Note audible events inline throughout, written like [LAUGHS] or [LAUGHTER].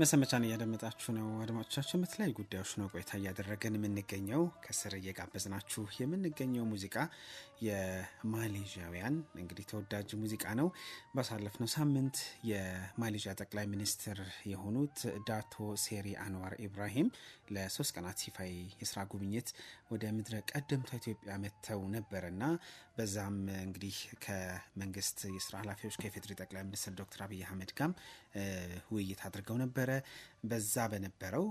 መሰንበቻን እያደመጣችሁ ነው አድማጮቻችን። በተለያዩ ጉዳዮች ነው ቆይታ እያደረገን የምንገኘው። ከስር እየጋበዝናችሁ የምንገኘው ሙዚቃ የማሌዥያውያን እንግዲህ ተወዳጅ ሙዚቃ ነው። ባሳለፍነው ሳምንት የማሌዥያ ጠቅላይ ሚኒስትር የሆኑት ዳቶ ሴሪ አንዋር ኢብራሂም ለሶስት ቀናት ይፋዊ የስራ ጉብኝት ወደ ምድረ ቀደምቷ ኢትዮጵያ መጥተው ነበርና በዛም እንግዲህ ከመንግስት የስራ ኃላፊዎች ከፌዴሪ ጠቅላይ ሚኒስትር ዶክተር አብይ አህመድ ጋም ውይይት አድርገው ነበረ። በዛ በነበረው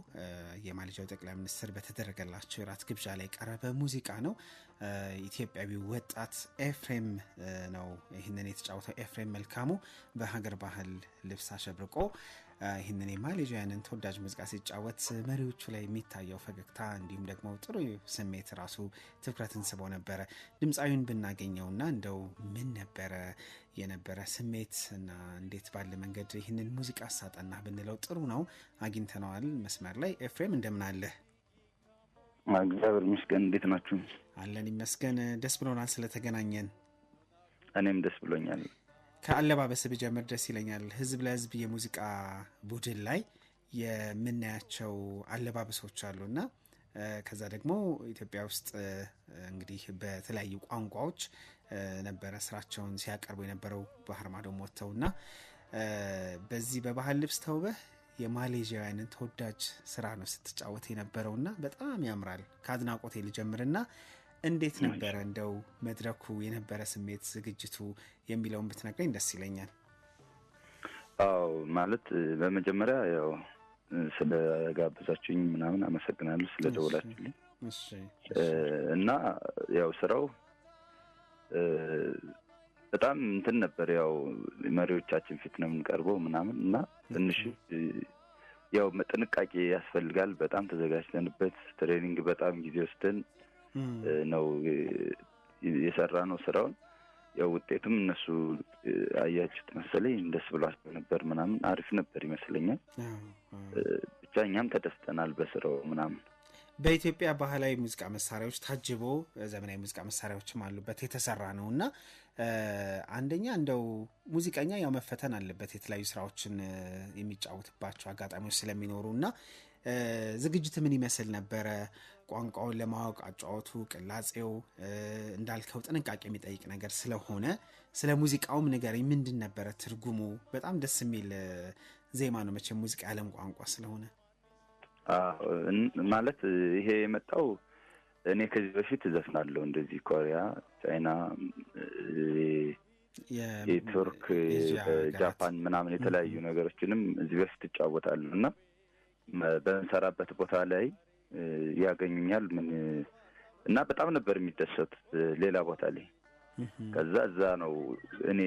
የማሌዥያው ጠቅላይ ሚኒስትር በተደረገላቸው የራት ግብዣ ላይ ቀረበ ሙዚቃ ነው። ኢትዮጵያዊ ወጣት ኤፍሬም ነው ይህንን የተጫወተው። ኤፍሬም መልካሙ በሀገር ባህል ልብስ አሸብርቆ ይህንን የማሌዥያንን ተወዳጅ ሙዚቃ ሲጫወት መሪዎቹ ላይ የሚታየው ፈገግታ እንዲሁም ደግሞ ጥሩ ስሜት ራሱ ትኩረትን ስቦ ነበረ። ድምፃዊን ብናገኘውና እንደው ምን ነበረ የነበረ ስሜት እና እንዴት ባለ መንገድ ይህንን ሙዚቃ አሳጠና ብንለው ጥሩ ነው። አግኝተነዋል መስመር ላይ ኤፍሬም፣ እንደምን አለህ? እግዚአብሔር ይመስገን። እንዴት ናችሁ? አለን ይመስገን። ደስ ብሎናል ስለተገናኘን። እኔም ደስ ብሎኛል። ከአለባበስ ብጀምር ደስ ይለኛል። ህዝብ ለህዝብ የሙዚቃ ቡድን ላይ የምናያቸው አለባበሶች አሉና ከዛ ደግሞ ኢትዮጵያ ውስጥ እንግዲህ በተለያዩ ቋንቋዎች ነበረ ስራቸውን ሲያቀርቡ የነበረው ባህር ማዶ እና በዚህ በባህል ልብስ ተውበህ የማሌዥያውያንን ተወዳጅ ስራ ነው ስትጫወት እና በጣም ያምራል። ከአድናቆቴ ልጀምርና እንዴት ነበረ እንደው መድረኩ የነበረ ስሜት ዝግጅቱ የሚለውን ብትነግረኝ ደስ ይለኛል። አዎ ማለት በመጀመሪያ ያው ስለጋበዛችሁኝ ምናምን አመሰግናለሁ ስለደወላችሁልኝ እና ያው ስራው በጣም እንትን ነበር። ያው መሪዎቻችን ፊት ነው የምንቀርበው ምናምን እና ትንሽ ያው ጥንቃቄ ያስፈልጋል። በጣም ተዘጋጅተንበት ትሬኒንግ በጣም ጊዜ ወስደን ነው የሰራ ነው ስራውን። ያው ውጤቱም እነሱ አያችሁት መሰለኝ ደስ ብሏቸው ነበር ምናምን አሪፍ ነበር ይመስለኛል። ብቻ እኛም ተደስተናል በስራው ምናምን። በኢትዮጵያ ባህላዊ ሙዚቃ መሳሪያዎች ታጅቦ ዘመናዊ ሙዚቃ መሳሪያዎችም አሉበት የተሰራ ነው እና አንደኛ እንደው ሙዚቀኛ ያው መፈተን አለበት የተለያዩ ስራዎችን የሚጫወትባቸው አጋጣሚዎች ስለሚኖሩ እና ዝግጅት ምን ይመስል ነበረ? ቋንቋውን ለማወቅ አጫወቱ፣ ቅላጼው እንዳልከው ጥንቃቄ የሚጠይቅ ነገር ስለሆነ ስለ ሙዚቃውም ንገረኝ፣ ምንድን ነበረ ትርጉሙ? በጣም ደስ የሚል ዜማ ነው። መቼ ሙዚቃ የዓለም ቋንቋ ስለሆነ ማለት ይሄ የመጣው እኔ ከዚህ በፊት እዘፍናለሁ እንደዚህ ኮሪያ፣ ቻይና፣ የቱርክ፣ ጃፓን ምናምን የተለያዩ ነገሮችንም እዚህ በፊት እጫወታለሁ እና በምንሰራበት ቦታ ላይ ያገኙኛል ምን እና በጣም ነበር የሚደሰት ሌላ ቦታ ላይ። ከዛ እዛ ነው እኔ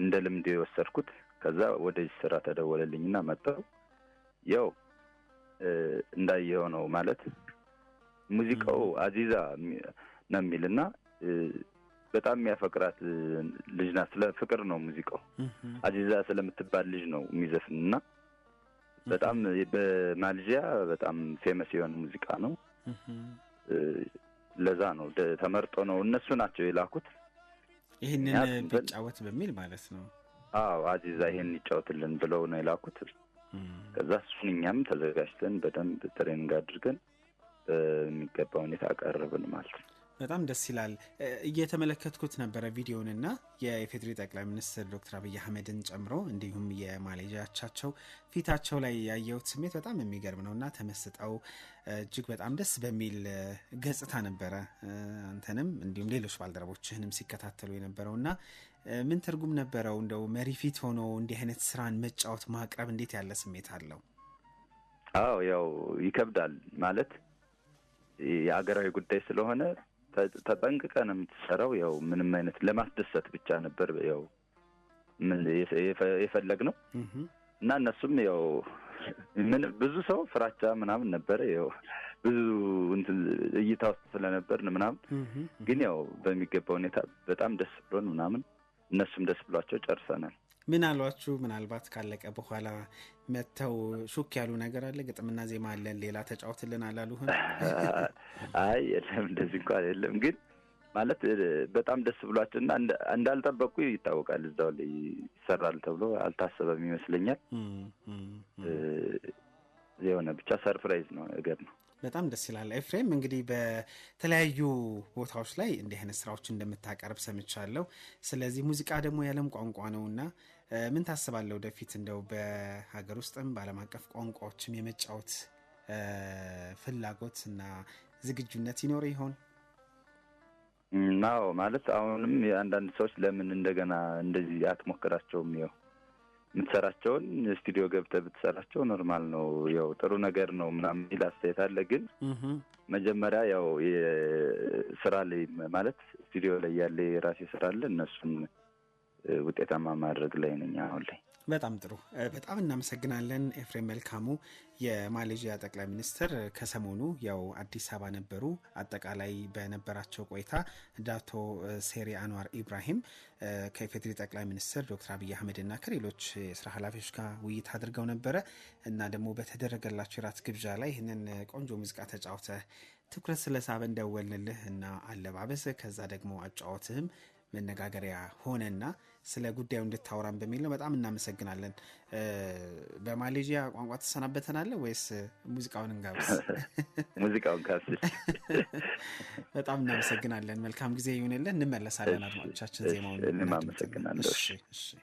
እንደ ልምድ የወሰድኩት። ከዛ ወደ ስራ ተደወለልኝ እና መጣው። ያው እንዳየው ነው ማለት ሙዚቃው አዚዛ ነው የሚል እና በጣም የሚያፈቅራት ልጅ ናት። ስለ ፍቅር ነው ሙዚቃው። አዚዛ ስለምትባል ልጅ ነው የሚዘፍን ና። በጣም በማልዚያ በጣም ፌመስ የሆነ ሙዚቃ ነው። ለዛ ነው ተመርጦ ነው እነሱ ናቸው የላኩት ይህንን ቢጫወት በሚል ማለት ነው። አዎ አዚዛ ይህን ይጫወትልን ብለው ነው የላኩት። ከዛ እሱን እኛም ተዘጋጅተን በደንብ ትሬኒንግ አድርገን በሚገባ ሁኔታ አቀረብን ማለት ነው። በጣም ደስ ይላል። እየተመለከትኩት ነበረ ቪዲዮንና የኢፌዴሪ ጠቅላይ ሚኒስትር ዶክተር አብይ አህመድን ጨምሮ እንዲሁም የማሌጃቻቸው ፊታቸው ላይ ያየሁት ስሜት በጣም የሚገርም ነው እና ተመስጠው እጅግ በጣም ደስ በሚል ገጽታ ነበረ አንተንም እንዲሁም ሌሎች ባልደረቦችህንም ሲከታተሉ የነበረው እና ምን ትርጉም ነበረው እንደው መሪ ፊት ሆኖ እንዲህ አይነት ስራን መጫወት ማቅረብ እንዴት ያለ ስሜት አለው? አዎ ያው ይከብዳል ማለት የሀገራዊ ጉዳይ ስለሆነ ተጠንቅቀ ነው የምትሰራው። ያው ምንም አይነት ለማስደሰት ብቻ ነበር ያው የፈለግ ነው እና እነሱም ያው ምን ብዙ ሰው ፍራቻ ምናምን ነበረ። ያው ብዙ እይታ ውስጥ ስለነበር ምናምን ግን ያው በሚገባ ሁኔታ በጣም ደስ ብሎን ምናምን እነሱም ደስ ብሏቸው ጨርሰናል። ምን አሏችሁ? ምናልባት ካለቀ በኋላ መጥተው ሹክ ያሉ ነገር አለ፣ ግጥምና ዜማ አለን፣ ሌላ ተጫወትልን አላሉህም? [LAUGHS] አይ የለም፣ እንደዚህ እንኳን የለም። ግን ማለት በጣም ደስ ብሏቸው እና እንዳልጠበቁ ይታወቃል። እዛው ላይ ይሰራል ተብሎ አልታሰበም ይመስለኛል። የሆነ ብቻ ሰርፕራይዝ ነው ነገር ነው። በጣም ደስ ይላል። ኤፍሬም እንግዲህ በተለያዩ ቦታዎች ላይ እንዲህ አይነት ስራዎች እንደምታቀርብ ሰምቻለሁ። ስለዚህ ሙዚቃ ደግሞ የዓለም ቋንቋ ነውና ምን ታስባለሁ ወደፊት እንደው በሀገር ውስጥም በአለም አቀፍ ቋንቋዎችም የመጫወት ፍላጎት እና ዝግጁነት ይኖር ይሆን? ናው ማለት አሁንም የአንዳንድ ሰዎች ለምን እንደገና እንደዚህ አትሞክራቸውም? ያው የምትሰራቸውን ስቱዲዮ ገብተ ብትሰራቸው ኖርማል ነው፣ ያው ጥሩ ነገር ነው ምናምን የሚል አስተያየት አለ። ግን መጀመሪያ ያው ስራ ላይ ማለት ስቱዲዮ ላይ ያለ የራሴ ስራ አለ እነሱን ውጤታማ ማድረግ ላይ ነኝ አሁን ላይ። በጣም ጥሩ። በጣም እናመሰግናለን ኤፍሬም መልካሙ፣ የማሌዥያ ጠቅላይ ሚኒስትር ከሰሞኑ ያው አዲስ አበባ ነበሩ። አጠቃላይ በነበራቸው ቆይታ ዳቶ ሴሪ አንዋር ኢብራሂም ከኢፌዴሪ ጠቅላይ ሚኒስትር ዶክተር አብይ አህመድና ከሌሎች የስራ ኃላፊዎች ጋር ውይይት አድርገው ነበረ እና ደግሞ በተደረገላቸው የራት ግብዣ ላይ ይህንን ቆንጆ ሙዚቃ ተጫውተ ትኩረት ስለሳበ እንደወልንልህ እና አለባበስ ከዛ ደግሞ አጫወትህም መነጋገሪያ ሆነና ስለ ጉዳዩ እንድታወራን በሚል ነው። በጣም እናመሰግናለን። በማሌዥያ ቋንቋ ትሰናበተናለ ወይስ ሙዚቃውን እንጋብስ? [LAUGHS] ሙዚቃውን ጋብዝ። [LAUGHS] በጣም እናመሰግናለን። መልካም ጊዜ ይሁንልን። እንመለሳለን። አድማጮቻችን ዜማውን እናመሰግናለን።